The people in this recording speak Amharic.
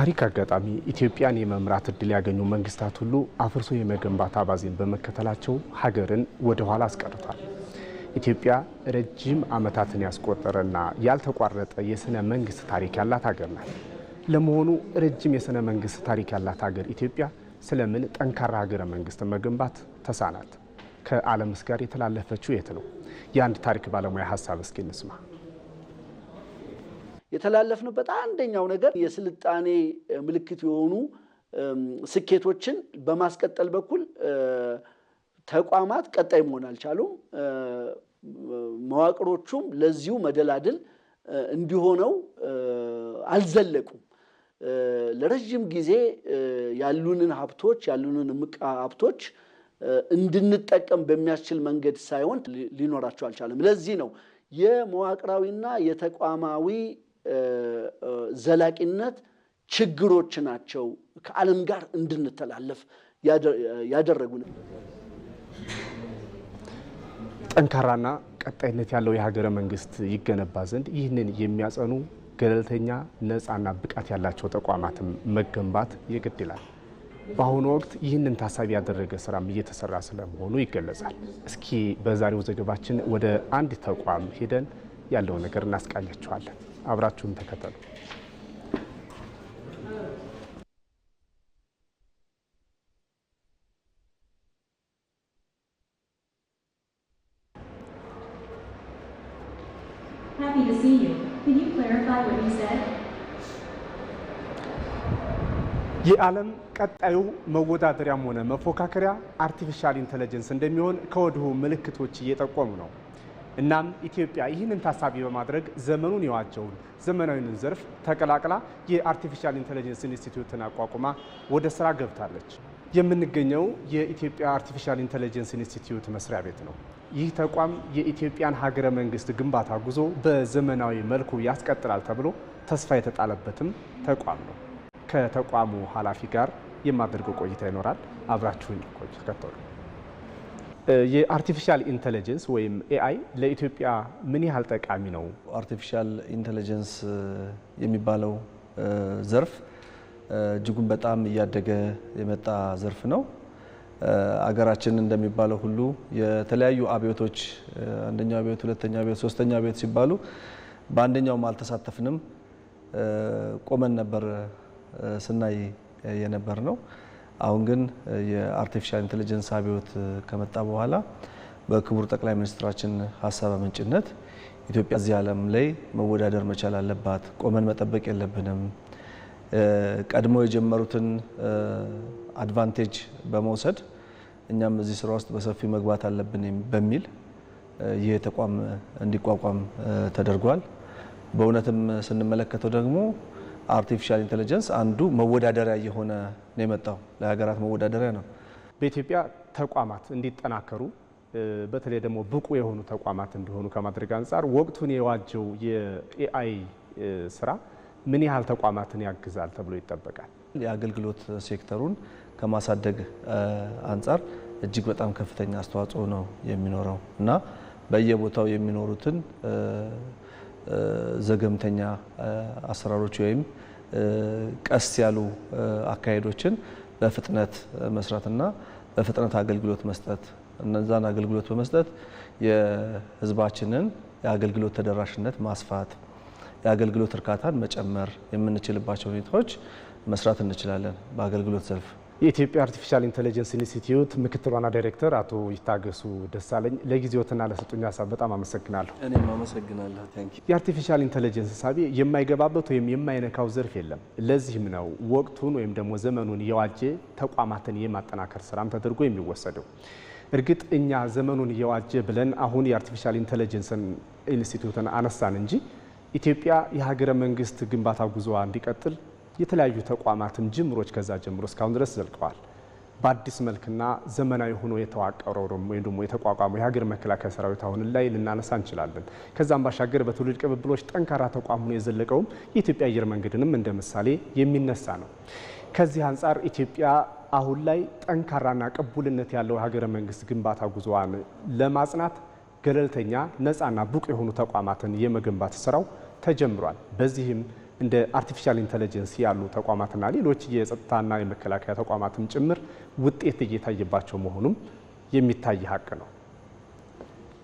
በታሪክ አጋጣሚ ኢትዮጵያን የመምራት እድል ያገኙ መንግስታት ሁሉ አፍርሶ የመገንባት አባዜን በመከተላቸው ሀገርን ወደ ኋላ አስቀርቷል። ኢትዮጵያ ረጅም ዓመታትን ያስቆጠረና ያልተቋረጠ የሥነ መንግስት ታሪክ ያላት ሀገር ናት። ለመሆኑ ረጅም የሥነ መንግስት ታሪክ ያላት ሀገር ኢትዮጵያ ስለምን ጠንካራ ሀገረ መንግስት መገንባት ተሳናት? ከዓለምስ ጋር የተላለፈችው የት ነው? የአንድ ታሪክ ባለሙያ ሀሳብ እስኪ እንስማ። የተላለፍንበት አንደኛው ነገር የስልጣኔ ምልክት የሆኑ ስኬቶችን በማስቀጠል በኩል ተቋማት ቀጣይ መሆን አልቻሉም። መዋቅሮቹም ለዚሁ መደላድል እንዲሆነው አልዘለቁም። ለረዥም ጊዜ ያሉንን ሀብቶች ያሉንን እምቅ ሀብቶች እንድንጠቀም በሚያስችል መንገድ ሳይሆን ሊኖራቸው አልቻለም። ለዚህ ነው የመዋቅራዊና የተቋማዊ ዘላቂነት ችግሮች ናቸው ከዓለም ጋር እንድንተላለፍ ያደረጉን። ጠንካራና ቀጣይነት ያለው የሀገረ መንግስት ይገነባ ዘንድ ይህንን የሚያጸኑ ገለልተኛ ነፃና ብቃት ያላቸው ተቋማትን መገንባት የግድ ይላል። በአሁኑ ወቅት ይህንን ታሳቢ ያደረገ ስራም እየተሰራ ስለመሆኑ ይገለጻል። እስኪ በዛሬው ዘገባችን ወደ አንድ ተቋም ሄደን ያለውን ነገር እናስቃኛቸዋለን። አብራችሁን ተከተሉ። የዓለም ቀጣዩ መወዳደሪያም ሆነ መፎካከሪያ አርቲፊሻል ኢንተለጀንስ እንደሚሆን ከወዲሁ ምልክቶች እየጠቆሙ ነው። እናም ኢትዮጵያ ይህንን ታሳቢ በማድረግ ዘመኑን የዋጀውን ዘመናዊውን ዘርፍ ተቀላቅላ የአርቲፊሻል ኢንቴሊጀንስ ኢንስቲትዩትን አቋቁማ ወደ ስራ ገብታለች። የምንገኘው የኢትዮጵያ አርቲፊሻል ኢንቴሊጀንስ ኢንስቲትዩት መስሪያ ቤት ነው። ይህ ተቋም የኢትዮጵያን ሀገረ መንግስት ግንባታ ጉዞ በዘመናዊ መልኩ ያስቀጥላል ተብሎ ተስፋ የተጣለበትም ተቋም ነው። ከተቋሙ ኃላፊ ጋር የማደርገው ቆይታ ይኖራል። ቆይ ቆዩ። የአርቲፊሻል ኢንቴሊጀንስ ወይም ኤአይ ለኢትዮጵያ ምን ያህል ጠቃሚ ነው? አርቲፊሻል ኢንቴሊጀንስ የሚባለው ዘርፍ እጅጉን በጣም እያደገ የመጣ ዘርፍ ነው። አገራችን እንደሚባለው ሁሉ የተለያዩ አብዮቶች አንደኛው አብዮት፣ ሁለተኛው አብዮት፣ ሶስተኛው አብዮት ሲባሉ በአንደኛውም አልተሳተፍንም ቆመን ነበር ስናይ የነበር ነው። አሁን ግን የአርቲፊሻል ኢንቴሊጀንስ አብዮት ከመጣ በኋላ በክቡር ጠቅላይ ሚኒስትራችን ሀሳብ አመንጭነት ኢትዮጵያ እዚህ ዓለም ላይ መወዳደር መቻል አለባት፣ ቆመን መጠበቅ የለብንም፣ ቀድመው የጀመሩትን አድቫንቴጅ በመውሰድ እኛም እዚህ ስራ ውስጥ በሰፊው መግባት አለብን በሚል ይህ ተቋም እንዲቋቋም ተደርጓል። በእውነትም ስንመለከተው ደግሞ አርቲፊሻል ኢንቴሊጀንስ አንዱ መወዳደሪያ እየሆነ ነው የመጣው። ለሀገራት መወዳደሪያ ነው። በኢትዮጵያ ተቋማት እንዲጠናከሩ በተለይ ደግሞ ብቁ የሆኑ ተቋማት እንዲሆኑ ከማድረግ አንጻር ወቅቱን የዋጀው የኤአይ ስራ ምን ያህል ተቋማትን ያግዛል ተብሎ ይጠበቃል? የአገልግሎት ሴክተሩን ከማሳደግ አንጻር እጅግ በጣም ከፍተኛ አስተዋጽኦ ነው የሚኖረው እና በየቦታው የሚኖሩትን ዘገምተኛ አሰራሮች ወይም ቀስ ያሉ አካሄዶችን በፍጥነት መስራትና በፍጥነት አገልግሎት መስጠት እነዛን አገልግሎት በመስጠት የህዝባችንን የአገልግሎት ተደራሽነት ማስፋት የአገልግሎት እርካታን መጨመር የምንችልባቸው ሁኔታዎች መስራት እንችላለን በአገልግሎት ዘርፍ የኢትዮጵያ አርቲፊሻል ኢንቴሊጀንስ ኢንስቲትዩት ምክትል ዋና ዳይሬክተር አቶ ይታገሱ ደሳለኝ ለጊዜዎትና ለሰጡኝ ሀሳብ በጣም አመሰግናለሁ። እኔም አመሰግናለሁ። የአርቲፊሻል ኢንቴሊጀንስ ሳቢ የማይገባበት ወይም የማይነካው ዘርፍ የለም። ለዚህም ነው ወቅቱን ወይም ደግሞ ዘመኑን የዋጀ ተቋማትን የማጠናከር ስራም ተደርጎ የሚወሰደው። እርግጥ እኛ ዘመኑን የዋጀ ብለን አሁን የአርቲፊሻል ኢንቴሊጀንስን ኢንስቲትዩትን አነሳን እንጂ ኢትዮጵያ የሀገረ መንግስት ግንባታ ጉዞዋ እንዲቀጥል የተለያዩ ተቋማትም ጅምሮች ከዛ ጀምሮ እስካሁን ድረስ ዘልቀዋል። በአዲስ መልክና ዘመናዊ ሆኖ የተዋቀረው ወይም ደግሞ የተቋቋመው የሀገር መከላከያ ሰራዊት አሁን ላይ ልናነሳ እንችላለን። ከዛም ባሻገር በትውልድ ቅብብሎች ጠንካራ ተቋም ሆኖ የዘለቀውም የኢትዮጵያ አየር መንገድንም እንደ ምሳሌ የሚነሳ ነው። ከዚህ አንጻር ኢትዮጵያ አሁን ላይ ጠንካራና ቅቡልነት ያለው የሀገረ መንግስት ግንባታ ጉዞዋን ለማጽናት ገለልተኛ ነፃና ብቁ የሆኑ ተቋማትን የመገንባት ስራው ተጀምሯል። በዚህም እንደ አርቲፊሻል ኢንተለጀንስ ያሉ ተቋማትና ሌሎች የጸጥታና የመከላከያ ተቋማትም ጭምር ውጤት እየታየባቸው መሆኑም የሚታይ ሀቅ ነው።